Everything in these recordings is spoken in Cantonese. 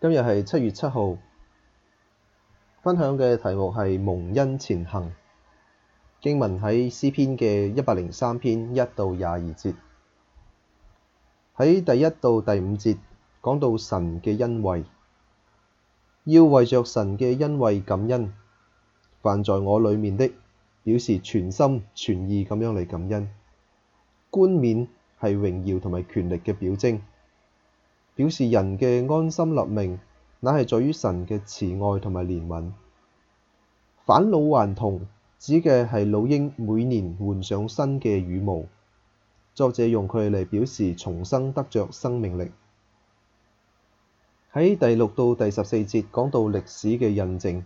今日係七月七號，分享嘅題目係蒙恩前行，經文喺詩篇嘅一百零三篇一到廿二節，喺第一到第五節講到神嘅恩惠，要為着神嘅恩惠感恩，凡在我裡面的，表示全心全意咁樣嚟感恩，冠冕係榮耀同埋權力嘅表徵。表示人嘅安心立命，乃係在於神嘅慈愛同埋憐憫。返老還童指嘅係老鷹每年換上新嘅羽毛，作者用佢嚟表示重生得着生命力。喺第六到第十四節講到歷史嘅印證，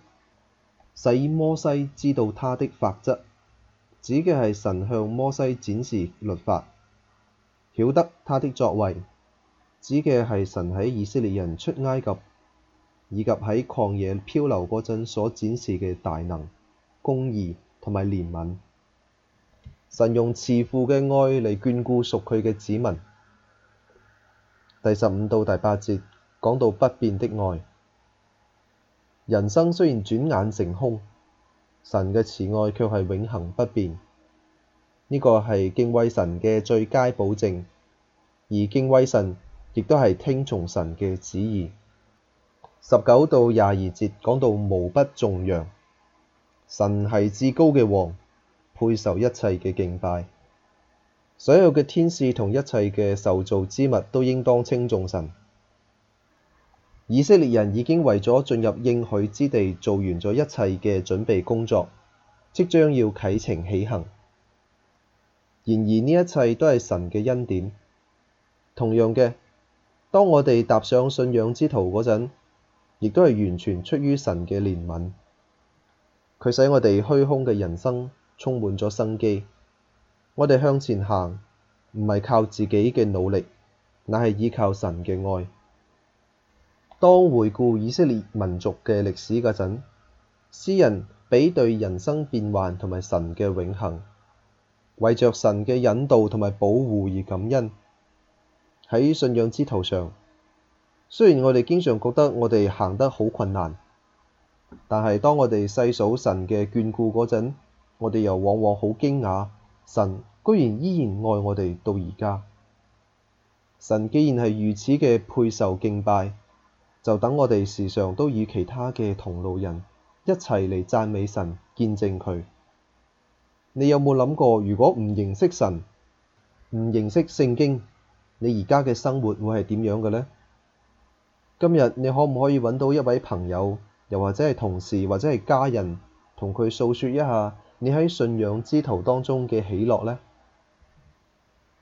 使摩西知道他的法則，指嘅係神向摩西展示律法，曉得他的作為。指嘅係神喺以色列人出埃及，以及喺曠野漂流嗰陣所展示嘅大能、公義同埋憐憫。神用慈父嘅愛嚟眷顧屬佢嘅子民。第十五到第八節講到不變的愛。人生雖然轉眼成空，神嘅慈愛卻係永恆不變。呢個係敬畏神嘅最佳保證，而敬畏神。亦都係聽從神嘅旨意。十九到廿二節講到無不頌揚，神係至高嘅王，配受一切嘅敬拜。所有嘅天使同一切嘅受造之物都應當稱頌神。以色列人已經為咗進入應許之地，做完咗一切嘅準備工作，即將要啟程起行。然而呢一切都係神嘅恩典。同樣嘅，當我哋踏上信仰之途嗰陣，亦都係完全出於神嘅憐憫，佢使我哋虛空嘅人生充滿咗生機。我哋向前行，唔係靠自己嘅努力，乃係依靠神嘅愛。當回顧以色列民族嘅歷史嗰陣，詩人比對人生變幻同埋神嘅永恒，為着神嘅引導同埋保護而感恩。喺信仰之途上，雖然我哋經常覺得我哋行得好困難，但係當我哋細數神嘅眷顧嗰陣，我哋又往往好驚訝，神居然依然愛我哋到而家。神既然係如此嘅配受敬拜，就等我哋時常都與其他嘅同路人一齊嚟讚美神，見證佢。你有冇諗過，如果唔認識神，唔認識聖經？你而家嘅生活會係點樣嘅呢？今日你可唔可以揾到一位朋友，又或者係同事，或者係家人，同佢訴説一下你喺信仰之途當中嘅喜樂呢？